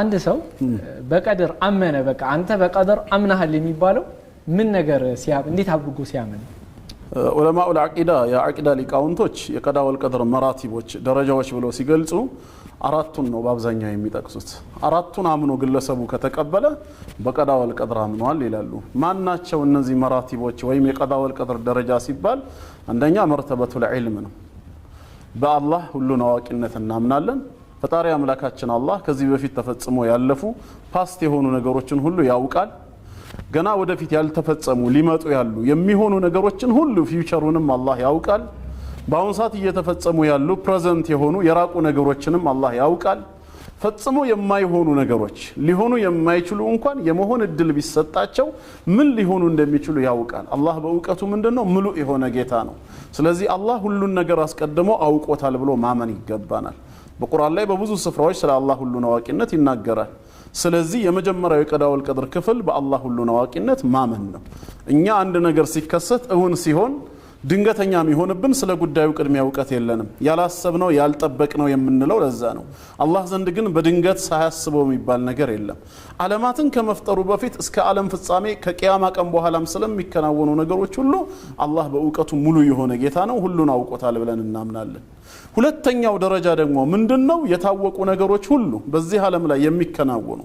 አንድ ሰው በቀድር አመነ በቃ አንተ በቀድር አምናሃል የሚባለው ምን ነገር እንዴት አድርጎ ሲያምን ዑለማኡ አቂዳ የዓቂዳ ሊቃውንቶች የቀዳ ወልቀድር መራቲቦች ደረጃዎች ብለው ሲገልጹ አራቱን ነው በአብዛኛው የሚጠቅሱት አራቱን አምኖ ግለሰቡ ከተቀበለ በቀዳ ወልቀድር አምኗል ይላሉ ማናቸው እነዚህ መራቲቦች ወይም የቀዳ ወልቀድር ደረጃ ሲባል አንደኛ መርተበቱ ልዕልም ነው በአላህ ሁሉን አዋቂነት እናምናለን ፈጣሪ አምላካችን አላህ ከዚህ በፊት ተፈጽሞ ያለፉ ፓስት የሆኑ ነገሮችን ሁሉ ያውቃል። ገና ወደፊት ያልተፈጸሙ ሊመጡ ያሉ የሚሆኑ ነገሮችን ሁሉ ፊውቸሩንም አላህ ያውቃል። በአሁን ሰዓት እየተፈጸሙ ያሉ ፕሬዘንት የሆኑ የራቁ ነገሮችንም አላህ ያውቃል። ፈጽሞ የማይሆኑ ነገሮች ሊሆኑ የማይችሉ እንኳን የመሆን እድል ቢሰጣቸው ምን ሊሆኑ እንደሚችሉ ያውቃል። አላህ በእውቀቱ ምንድነው ምሉእ የሆነ ጌታ ነው። ስለዚህ አላህ ሁሉን ነገር አስቀድሞ አውቆታል ብሎ ማመን ይገባናል። በቁርአን ላይ በብዙ ስፍራዎች ስለ አላህ ሁሉን አዋቂነት ይናገራል። ስለዚህ የመጀመሪያው የቀዳወል ቀድር ክፍል በአላህ ሁሉን አዋቂነት ማመን ነው። እኛ አንድ ነገር ሲከሰት እውን ሲሆን ድንገተኛ የሚሆንብን ስለ ጉዳዩ ቅድሚያ እውቀት የለንም። ያላሰብነው ያልጠበቅነው የምንለው ለዛ ነው። አላህ ዘንድ ግን በድንገት ሳያስበው የሚባል ነገር የለም። ዓለማትን ከመፍጠሩ በፊት እስከ ዓለም ፍጻሜ ከቅያማ ቀን በኋላም ስለሚከናወኑ ነገሮች ሁሉ አላህ በእውቀቱ ሙሉ የሆነ ጌታ ነው። ሁሉን አውቆታል ብለን እናምናለን። ሁለተኛው ደረጃ ደግሞ ምንድን ነው? የታወቁ ነገሮች ሁሉ በዚህ ዓለም ላይ የሚከናወኑ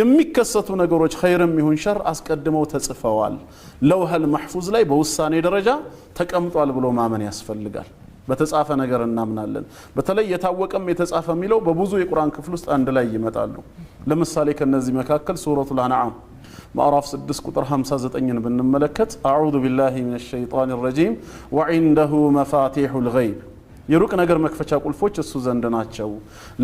የሚከሰቱ ነገሮች ኸይርም ይሁን ሸር አስቀድመው ተጽፈዋል። ለውሀል መሕፉዝ ላይ በውሳኔ ደረጃ ተቀምጧል ብሎ ማመን ያስፈልጋል። በተጻፈ ነገር እናምናለን። በተለይ የታወቀም የተጻፈ የሚለው በብዙ የቁርአን ክፍል ውስጥ አንድ ላይ ይመጣሉ። ለምሳሌ ከነዚህ መካከል ሱረቱ አንዓም ማዕራፍ 6 ቁጥር 59ን ብንመለከት አዑዙ ቢላሂ ሚነሸይጣኒ ረጂም ወዒንደሁ መፋቲሑ ገይብ የሩቅ ነገር መክፈቻ ቁልፎች እሱ ዘንድ ናቸው።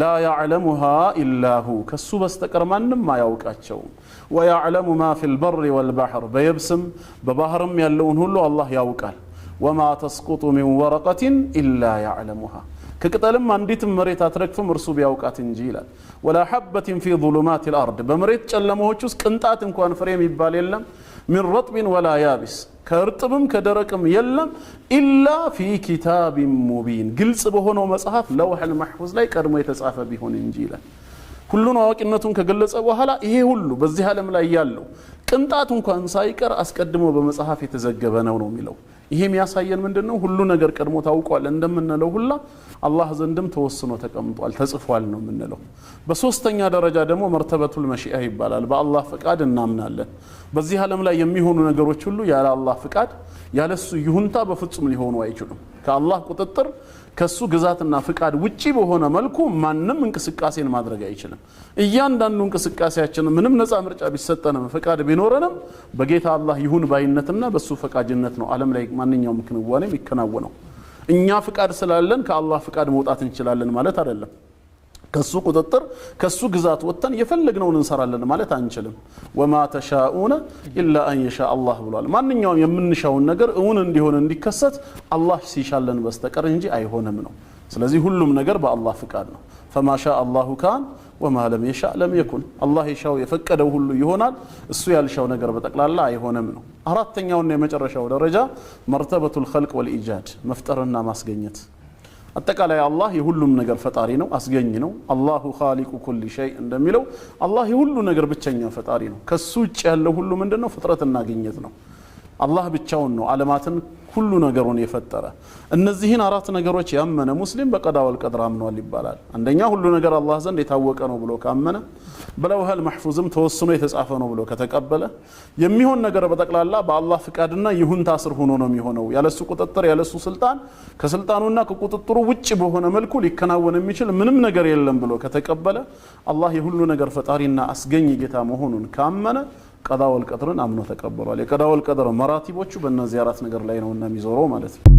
ላ ያዕለሙሃ ኢላሁ ከሱ በስተቀር ማንም አያውቃቸውም። ወያዕለሙ ማ ፊ ልበሪ ወልባሕር በየብስም በባህርም ያለውን ሁሉ አላህ ያውቃል። ወማ ተስቁጡ ሚን ወረቀትን ኢላ ያዕለሙሃ ከቅጠልም አንዲትም መሬት አትረግፍም እርሱ ቢያውቃት እንጂ ይላል። ወላ ሐበትን ፊ ظሉማት ልአርድ በመሬት ጨለማዎች ውስጥ ቅንጣት እንኳን ፍሬ የሚባል የለም ሚን ረጥቢን ወላ ያቢስ ከእርጥብም ከደረቅም የለም ኢላ ፊ ኪታቢን ሙቢን ግልጽ በሆነው መጽሐፍ ለውሐል ማሕፉዝ ላይ ቀድሞ የተጻፈ ቢሆን እንጂ ይላል። ሁሉን አዋቂነቱን ከገለጸ በኋላ ይሄ ሁሉ በዚህ ዓለም ላይ ያለው ቅንጣት እንኳን ሳይቀር አስቀድሞ በመጽሐፍ የተዘገበ ነው ነው የሚለው ይሄ የሚያሳየን ምንድን ነው? ሁሉ ነገር ቀድሞ ታውቋል እንደምንለው ሁላ አላህ ዘንድም ተወስኖ ተቀምጧል ተጽፏል ነው የምንለው። በሶስተኛ ደረጃ ደግሞ መርተበቱል መሺአ ይባላል። በአላህ ፍቃድ እናምናለን። በዚህ ዓለም ላይ የሚሆኑ ነገሮች ሁሉ ያለ አላህ ፍቃድ ያለሱ ይሁንታ በፍጹም ሊሆኑ አይችሉም። ከአላህ ቁጥጥር ከሱ ግዛትና ፍቃድ ውጪ በሆነ መልኩ ማንም እንቅስቃሴን ማድረግ አይችልም። እያንዳንዱ እንቅስቃሴያችን ምንም ነፃ ምርጫ ቢሰጠንም ፍቃድ ቢኖረንም በጌታ አላህ ይሁን ባይነትና በሱ ፈቃጅነት ነው ዓለም ላይ ማንኛውም ክንዋኔ የሚከናወነው። እኛ ፍቃድ ስላለን ከአላህ ፍቃድ መውጣት እንችላለን ማለት አይደለም። ከሱ ቁጥጥር ከሱ ግዛት ወጥተን የፈለግነውን እንሰራለን ማለት አንችልም። ወማ ተሻኡነ ኢላ አን የሻ አላህ ብሏል። ማንኛውም የምንሻውን ነገር እውን እንዲሆን እንዲከሰት አላህ ሲሻለን በስተቀር እንጂ አይሆንም ነው። ስለዚህ ሁሉም ነገር በአላህ ፍቃድ ነው። ፈማ ሻ አላሁ ካን ወማ ለም የሻ ለም የኩን። አላህ የሻው የፈቀደው ሁሉ ይሆናል፣ እሱ ያልሻው ነገር በጠቅላላ አይሆንም ነው። አራተኛውና የመጨረሻው ደረጃ መርተበቱል ኸልቅ ወልኢጃድ መፍጠርና ማስገኘት አጠቃላይ አላህ የሁሉም ነገር ፈጣሪ ነው፣ አስገኝ ነው። አላሁ ኻሊቁ ኩል ሸይ እንደሚለው አላህ የሁሉ ነገር ብቸኛ ፈጣሪ ነው። ከሱ ውጭ ያለው ሁሉ ምንድን ነው? ፍጥረትና ግኝት ነው። አላህ ብቻውን ነው አለማትን ሁሉ ነገሩን የፈጠረ። እነዚህን አራት ነገሮች ያመነ ሙስሊም በቀዳ ወልቀድር አምኗል ይባላል። አንደኛ ሁሉ ነገር አላህ ዘንድ የታወቀ ነው ብሎ ካመነ፣ በለውሃል መሕፉዝም ተወስኖ የተጻፈ ነው ብሎ ከተቀበለ፣ የሚሆን ነገር በጠቅላላ በአላህ ፍቃድና ይሁንታ ስር ሆኖ ነው የሚሆነው። ያለሱ ቁጥጥር፣ ያለሱ ስልጣን፣ ከስልጣኑና ከቁጥጥሩ ውጭ በሆነ መልኩ ሊከናወን የሚችል ምንም ነገር የለም ብሎ ከተቀበለ፣ አላህ የሁሉ ነገር ፈጣሪና አስገኝ ጌታ መሆኑን ካመነ ቀዳወል ቀድርን አምኖ ተቀብሏል። የቀዳወል ቀድር መራቲቦቹ በእነዚህ አራት ነገር ላይ ነውና የሚዞረው ማለት ነው።